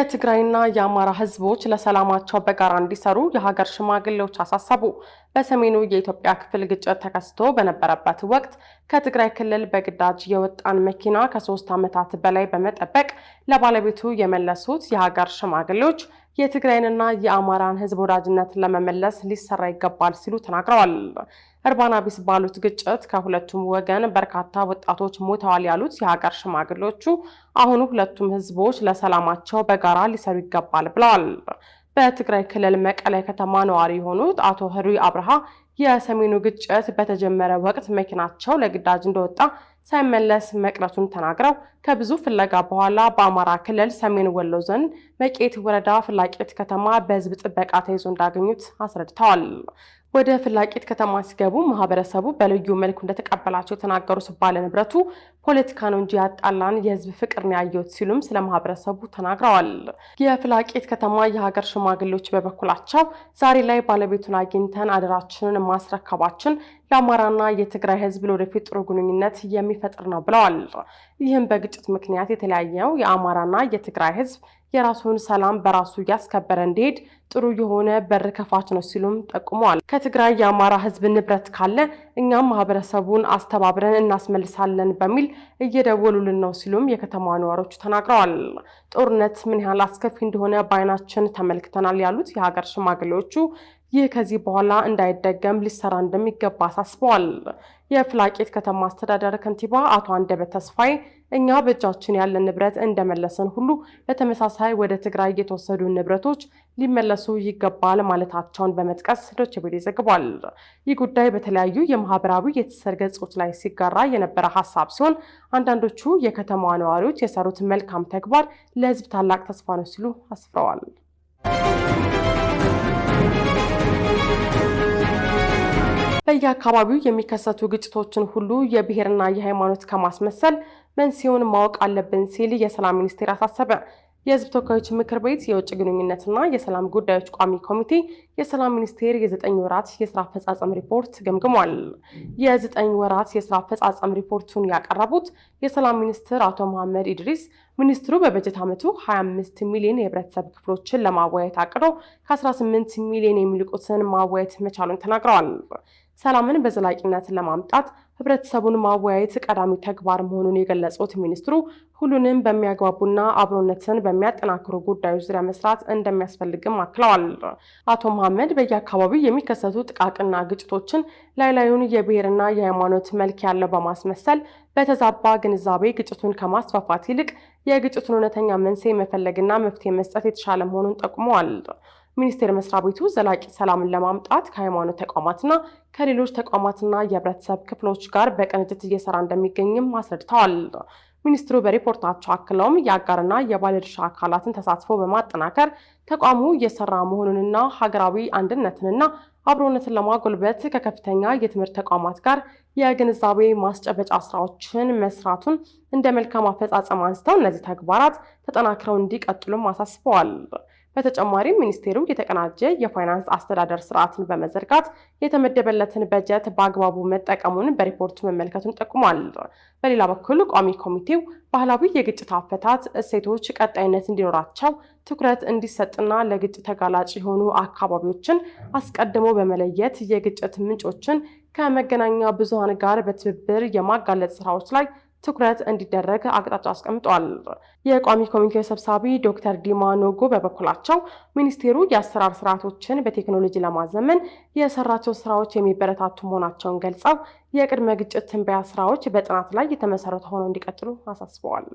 የትግራይና የአማራ ህዝቦች ለሰላማቸው በጋራ እንዲሰሩ የሀገር ሽማግሌዎች አሳሰቡ። በሰሜኑ የኢትዮጵያ ክፍል ግጭት ተከስቶ በነበረበት ወቅት ከትግራይ ክልል በግዳጅ የወጣን መኪና ከሶስት ዓመታት በላይ በመጠበቅ ለባለቤቱ የመለሱት የሀገር ሽማግሌዎች የትግራይንና የአማራን ህዝብ ወዳጅነት ለመመለስ ሊሰራ ይገባል ሲሉ ተናግረዋል። እርባና ቢስ ባሉት ግጭት ከሁለቱም ወገን በርካታ ወጣቶች ሞተዋል ያሉት የሀገር ሽማግሌዎቹ አሁኑ ሁለቱም ሕዝቦች ለሰላማቸው በጋራ ሊሰሩ ይገባል ብለዋል። በትግራይ ክልል መቀለ ከተማ ነዋሪ የሆኑት አቶ ህሩይ አብርሃ የሰሜኑ ግጭት በተጀመረ ወቅት መኪናቸው ለግዳጅ እንደወጣ ሳይመለስ መቅረቱን ተናግረው ከብዙ ፍለጋ በኋላ በአማራ ክልል ሰሜን ወሎ ዞን መቄት ወረዳ ፍላቂት ከተማ በሕዝብ ጥበቃ ተይዞ እንዳገኙት አስረድተዋል። ወደ ፍላቂት ከተማ ሲገቡ ማህበረሰቡ በልዩ መልኩ እንደተቀበላቸው የተናገሩት ባለ ንብረቱ ፖለቲካ ነው እንጂ ያጣላን የህዝብ ፍቅር ነው ያየሁት ሲሉም ስለ ማህበረሰቡ ተናግረዋል። የፍላቂት ከተማ የሀገር ሽማግሌዎች በበኩላቸው ዛሬ ላይ ባለቤቱን አግኝተን አደራችንን ማስረከባችን ለአማራና የትግራይ ህዝብ ለወደፊት ጥሩ ግንኙነት የሚ የሚፈጥር ነው ብለዋል። ይህም በግጭት ምክንያት የተለያየው የአማራና የትግራይ ህዝብ የራሱን ሰላም በራሱ እያስከበረ እንዲሄድ ጥሩ የሆነ በር ከፋች ነው ሲሉም ጠቁመዋል። ከትግራይ የአማራ ህዝብ ንብረት ካለ እኛም ማህበረሰቡን አስተባብረን እናስመልሳለን በሚል እየደወሉልን ነው ሲሉም የከተማ ነዋሪዎቹ ተናግረዋል። ጦርነት ምን ያህል አስከፊ እንደሆነ በአይናችን ተመልክተናል ያሉት የሀገር ሽማግሌዎቹ ይህ ከዚህ በኋላ እንዳይደገም ሊሰራ እንደሚገባ አሳስበዋል። የፍላቄት ከተማ አስተዳደር ከንቲባ አቶ አንደበት ተስፋዬ እኛ በእጃችን ያለን ንብረት እንደመለሰን ሁሉ በተመሳሳይ ወደ ትግራይ የተወሰዱ ንብረቶች ሊመለሱ ይገባል ማለታቸውን በመጥቀስ ዶይቼ ቬለ ዘግቧል። ይህ ጉዳይ በተለያዩ የማህበራዊ የትስስር ገጾች ላይ ሲጋራ የነበረ ሀሳብ ሲሆን አንዳንዶቹ የከተማዋ ነዋሪዎች የሰሩት መልካም ተግባር ለሕዝብ ታላቅ ተስፋ ነው ሲሉ አስፍረዋል። በየአካባቢው የሚከሰቱ ግጭቶችን ሁሉ የብሔርና የሃይማኖት ከማስመሰል መንስኤውን ማወቅ አለብን ሲል የሰላም ሚኒስቴር አሳሰበ። የህዝብ ተወካዮች ምክር ቤት የውጭ ግንኙነትና የሰላም ጉዳዮች ቋሚ ኮሚቴ የሰላም ሚኒስቴር የዘጠኝ ወራት የስራ አፈጻጸም ሪፖርት ገምግሟል። የዘጠኝ ወራት የስራ አፈጻጸም ሪፖርቱን ያቀረቡት የሰላም ሚኒስትር አቶ መሐመድ ኢድሪስ ሚኒስትሩ በበጀት ዓመቱ 25 ሚሊዮን የህብረተሰብ ክፍሎችን ለማወያየት አቅዶ ከ18 ሚሊዮን የሚልቁትን ማወያየት መቻሉን ተናግረዋል። ሰላምን በዘላቂነት ለማምጣት ህብረተሰቡን ማወያየት ቀዳሚ ተግባር መሆኑን የገለጹት ሚኒስትሩ ሁሉንም በሚያግባቡና አብሮነትን በሚያጠናክሩ ጉዳዮች ዙሪያ መስራት እንደሚያስፈልግም አክለዋል። አቶ መሐመድ በየአካባቢው የሚከሰቱ ጥቃቅና ግጭቶችን ላይላዩን የብሔርና የሃይማኖት መልክ ያለው በማስመሰል በተዛባ ግንዛቤ ግጭቱን ከማስፋፋት ይልቅ የግጭቱን እውነተኛ መንስኤ መፈለግና መፍትሄ መስጠት የተሻለ መሆኑን ጠቁመዋል። ሚኒስቴር መስሪያ ቤቱ ዘላቂ ሰላምን ለማምጣት ከሃይማኖት ተቋማትና ከሌሎች ተቋማትና የህብረተሰብ ክፍሎች ጋር በቅንጅት እየሰራ እንደሚገኝም አስረድተዋል። ሚኒስትሩ በሪፖርታቸው አክለውም የአጋርና የባለድርሻ አካላትን ተሳትፎ በማጠናከር ተቋሙ እየሰራ መሆኑንና ሀገራዊ አንድነትንና አብሮነትን ለማጎልበት ከከፍተኛ የትምህርት ተቋማት ጋር የግንዛቤ ማስጨበጫ ስራዎችን መስራቱን እንደ መልካም አፈጻጸም አንስተው እነዚህ ተግባራት ተጠናክረው እንዲቀጥሉም አሳስበዋል። በተጨማሪም ሚኒስቴሩ የተቀናጀ የፋይናንስ አስተዳደር ስርዓትን በመዘርጋት የተመደበለትን በጀት በአግባቡ መጠቀሙን በሪፖርቱ መመልከቱን ጠቁሟል። በሌላ በኩል ቋሚ ኮሚቴው ባህላዊ የግጭት አፈታት እሴቶች ቀጣይነት እንዲኖራቸው ትኩረት እንዲሰጥና ለግጭት ተጋላጭ የሆኑ አካባቢዎችን አስቀድሞ በመለየት የግጭት ምንጮችን ከመገናኛ ብዙሃን ጋር በትብብር የማጋለጥ ስራዎች ላይ ትኩረት እንዲደረግ አቅጣጫ አስቀምጧል። የቋሚ ኮሚቴ ሰብሳቢ ዶክተር ዲማ ኖጎ በበኩላቸው ሚኒስቴሩ የአሰራር ስርዓቶችን በቴክኖሎጂ ለማዘመን የሰራቸው ስራዎች የሚበረታቱ መሆናቸውን ገልጸው የቅድመ ግጭት ትንበያ ስራዎች በጥናት ላይ የተመሰረተ ሆነው እንዲቀጥሉ አሳስበዋል።